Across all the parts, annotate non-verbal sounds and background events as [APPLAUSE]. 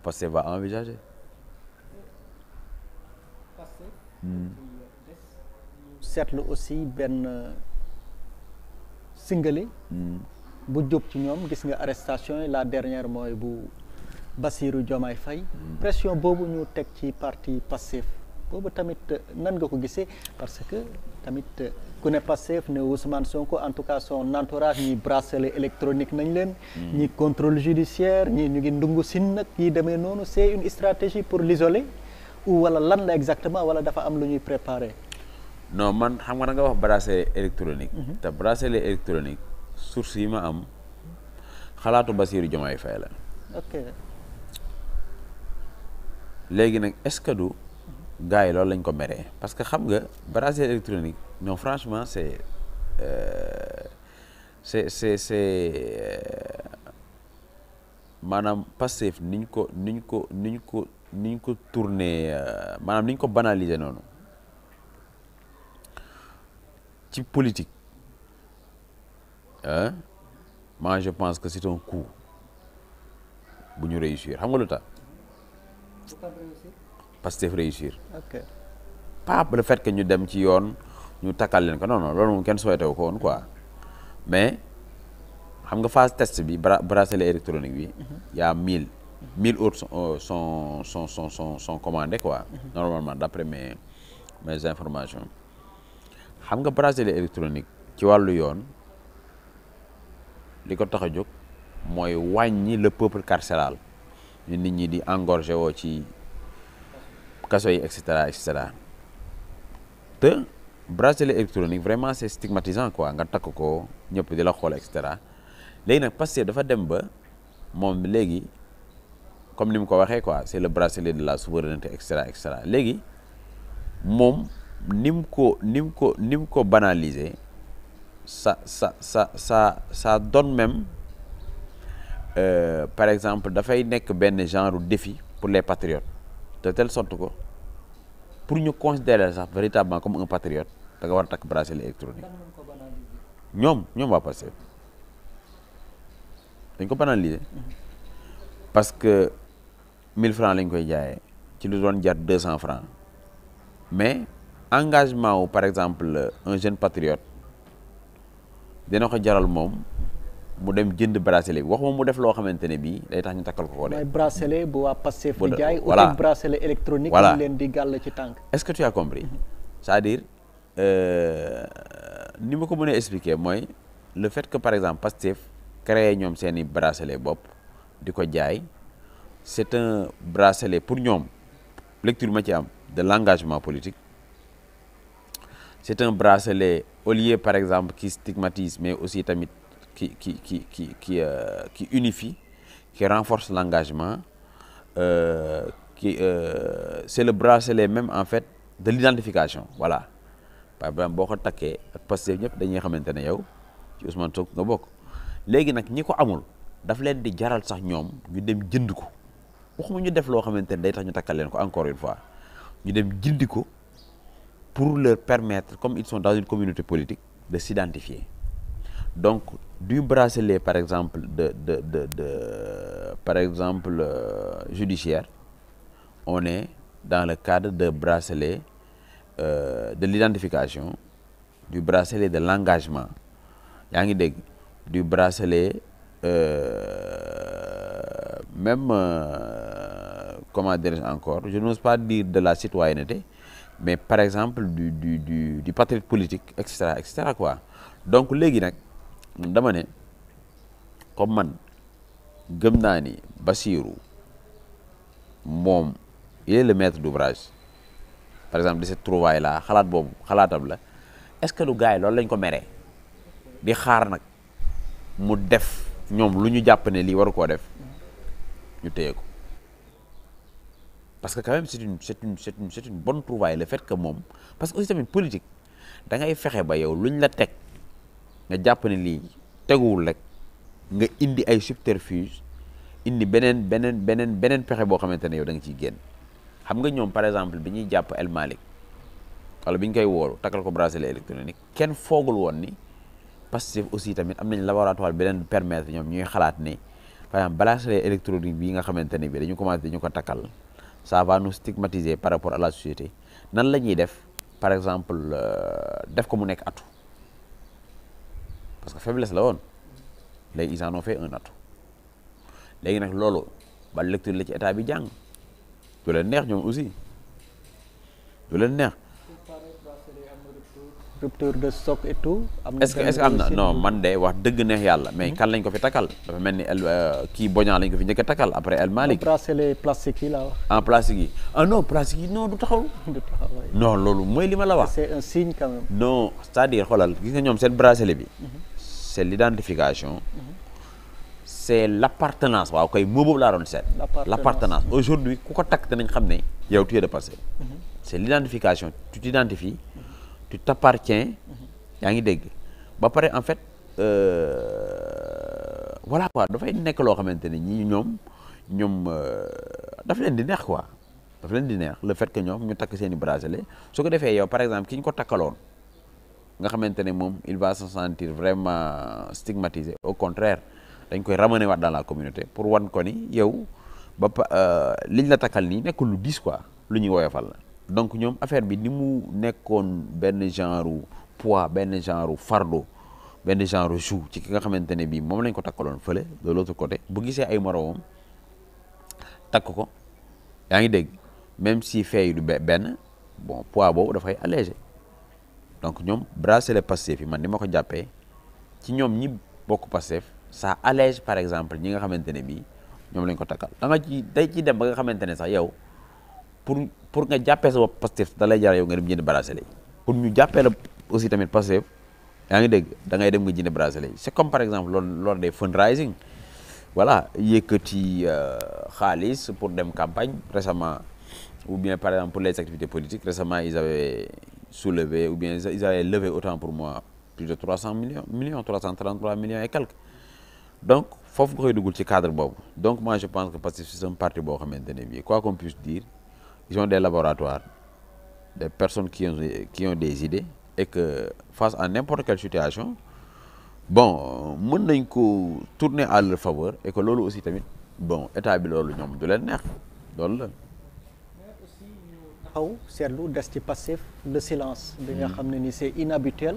que ba va envisager. Pastef. Hmm. seetlu aussi benn euh, singale. Hmm. bu jóg ci ñoom gis nga arrestation yi la dernière mooy bu Bassirou Diomaye fay hmm. pression boobu ñu teg ci parti Pastef. boobu tamit euh, nan nga ko gisee parce que tamit euh, ku ne Pastef ne Ousmane Sonko en tout cas son entourage ñi bracelet électronique nañ leen. Hmm. ñi contrôle judiciaire ñi ñu ngi ndungu sin nag ñi demee noonu c'est une stratégie pour l'isoler ou wala lan la exactement wala dafa am lu ñuy préparer. non man xam nga da nga wax bracelet électronique. Mhm. te bracelet électronique source yi ma am xalaatu Bassirou Diomaye Faye la. ok léegi nag est-ce que du. gars yi loolu lañ ko meree parce que xam nga bracelet électronique non franchement cest est est c' est est maanaam passif niñ ko niñ ko niñ ko niñ ko tourné euh, maanaam niñ ko banaliser noonu ci politique ah moi je pense que c' est un coup bu ñu réussir xam nga lu tax. Pastef réussir. ok pas le fait que ñu dem ci yoon ñu takkal leen ko noonu non loolu moom kenn souhaité wu ko woon quoi mais xam nga phase test bi bracelet électronique bi. Mhm. y' a mille. mille autres sont euh, sont sont sont sont, sont commandés quoi. Mhm. normalement d' après mes mes informations xam nga bracelet électronique ci wàllu yoon li ko tax a jóg mooy wàññi le peuple carcéral ñu nit ñi di engorgé woo ci. kaso yi et cetera et cetera te bracelet électronique vraiment c'est stigmatisant quoi nga takk ko ñëpp di la xool et cetera léegi nag Pastef dafa dem ba moom léegi comme ni mu ko waxee quoi c'est le bracelet de la souveraineté et cetera et cetera léegi moom ni ko ni ko ni ko banaliser sa sa sa ça ça donne même euh, par exemple dafay nekk benn genre defi pour les patriotes. de telle sorte ko pour ñu considérer sax véritablement comme un patriote da nga war a takk bracelet électronique ñoom ñoom waa Pastef dañ ko banaliser parce que mille francs lañ koy jaaye ci lu doon jar 200 francs mais engagement wu par exemple un jeune patriote dina ko jaral moom. mu dem jënd bracelet bi waxuma mu def loo xamante ne bii day tax ñu takkal ko ko de. mooy bracelet bu waa Pastef di jaay. voilà outil bracelet électronique. voilà ñu leen di gàll ci tànk. est-ce que tu as compris mhm. cest dire euh, ni ma ko mën a expliquer mooy le fait que par exemple Pastef créé ñoom seen i bracelet bopp di ko jaay c'est un bracelet pour ñoom lecture ma ci am de l'engagement politique c'est un bracelet au lieu par exemple qui stigmatise mais aussi tamit. ki qui, qui, qui, qui, euh, qui unifie, qui renforce l'engagement. Euh, qui euh, c'est le bracelet même en fait de l'identification voilà par exemple boo ko takkee ak Pastef ñëpp dañuy xamante ne yow ci Ousmane Sonko nga bokk léegi nag ñi ko amul daf leen di jaral sax ñoom ñu dem jënd ko waxuma ñu def loo xamante ne day tax ñu takkal leen ko encore une fois ñu dem jëndi ko pour leur permettre comme ils sont dans une communauté politique de s'identifier donc du bracelet par exemple de de de de par exemple euh, judiciaire on est dans le cadre de bracelet euh, de l'identification du bracelet de l'engagement yaa ngi dégg du bracelet euh, même euh, comment dirais-je encore je n'ose pas dire de la citoyenneté mais par exemple du du du du patriote politique et cetera et donc léegi nag. man dama ne comme man gëm naa ni Basiiru moom il est le maître d'ouvrage par exemple de cette trouvaille là xalaat boobu xalaatam la est-ce que du gars yi loolu lañ ko meree di xaar nag mu def ñoom lu ñu jàpp ne lii waru koo def ñu téye ko parce que quand même c'est une c'est une c'est une c'est trouvaille le fait moom parce que aussi tamit politique da ngay fexe ba yow luñ la teg. nga jàpp ne lii teguwul rek nga indi ay subterfuge indi beneen beneen beneen beneen pexe boo xamante ne yow da nga ciy génn xam nga ñoom par exemple bi ñuy jàpp El Malick wala bi ñu koy wooru takkal ko bracelet électronique kenn foogul woon ni Pastef aussi tamit am nañ laboratoire bi leen permettre ñoom ñuy xalaat ni par exemple bracelet électronique bi nga xamante ne bi dañu commencé dañu ko takkal ça va nous stigmatiser par rapport à la société nan la ñuy def par exemple euh, def ko mu nekk atu parce que faiblesse la woon léegi ils en ont fait un nag loolu ba lecture la ci état bi jàng du leen neex ñoom aussi du leen neex. rupture de stock et tout. am est-ce que est-ce que wax dëgg neex yàlla. mais hmm? kan lañ ko fi takal dafa mel ni el euh, kii Boña lañ ko fi njëkk takal après El Malick. bracelet plastique yi la wax. en ah, plastique yi ah du taxaw. [LAUGHS] du loolu mooy li ma la wax. c'est un signe quand même. non cest à xoolal gis nga ñoom seen bracelet bi. Hmm. c'est l'identification c'est l'appartenance waaw kay moo boobu laa doon seet l'appartenance aujourd'hui ku ko takk danañ xam ne yow tu es de Pastef mhm. c'est l'identification tu t'identifies tu t'appartiens yaa ngi dégg ba pare en fait euh, voilà quoi dafay nekk loo xamante ne ñi ñoom ñoom euh, daf leen di neex quoi daf leen di neex la fait que ñoom ñu takk seen i bracelet su ko defee yow par exemple ki ñu ko takkaloon nga xamante ne moom il va se sentir vraiment stigmatisé au contraire dañ koy ramané waat dans la communauté pour wan ko ni yow ba euh, liñ la takkal nii nekkul lu dis quoi lu ñuy woyofal la donc ñoom affaire bi ni mu nekkoon benn genre poids benn genre fardeau benn genre joug ci ki nga xamante ne bii moom lañ ko takkaloon fële de l'autre côté bu gisee ay moroomam takk ko yaa ngi dégg même si fee yi du benn bon poids boobu dafay allégé donc ñoom bracelet Pastef yi man ni ma ko jàppee ci ñoom ñi bokk Pastef ça allège par exemple ñi nga xamante ne bii ñoom lañ ko takkal da nga ci day ci dem ba nga xamante ne sax yow pour pour nga jàppee sa bopp Pastef da lay jar yow nga dem jënd bracelet yi pour ñu jàppee la aussi tamit Pastef yaa ngi dégg da ngay dem nga jënd bracelet yi c'est comme par exemple loolu loolu des fundraising voilà yëkkati euh, xaalis pour dem campagne récemment ou bien par exemple pour les activités politiques récemment ils avaient soulevé ou bien ils avaient levé autant pour moi plus de 300 millions millions 333 millions et quelques donc foofu nga koy dugal ci cadre boobu donc moi je pense que parce que c'est un parti boo xamante ne bii quoi qu'on puisse dire ils ont des laboratoires des personnes qui ont qui ont des idées et que face à n'importe quelle situation bon mën nañ ko tourner à leur faveur et que loolu aussi tamit bon état bi loolu ñoom du leen neex loolu la taxaw seetlu des ci passif de silence bi nga hmm. xam ne ni c'est inhabituel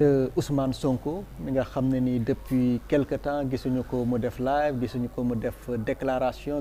de Ousmane Sonko mi nga xam ne ni depuis quelque temps gisuñu ko mu def live gisuñu ko mu def déclaration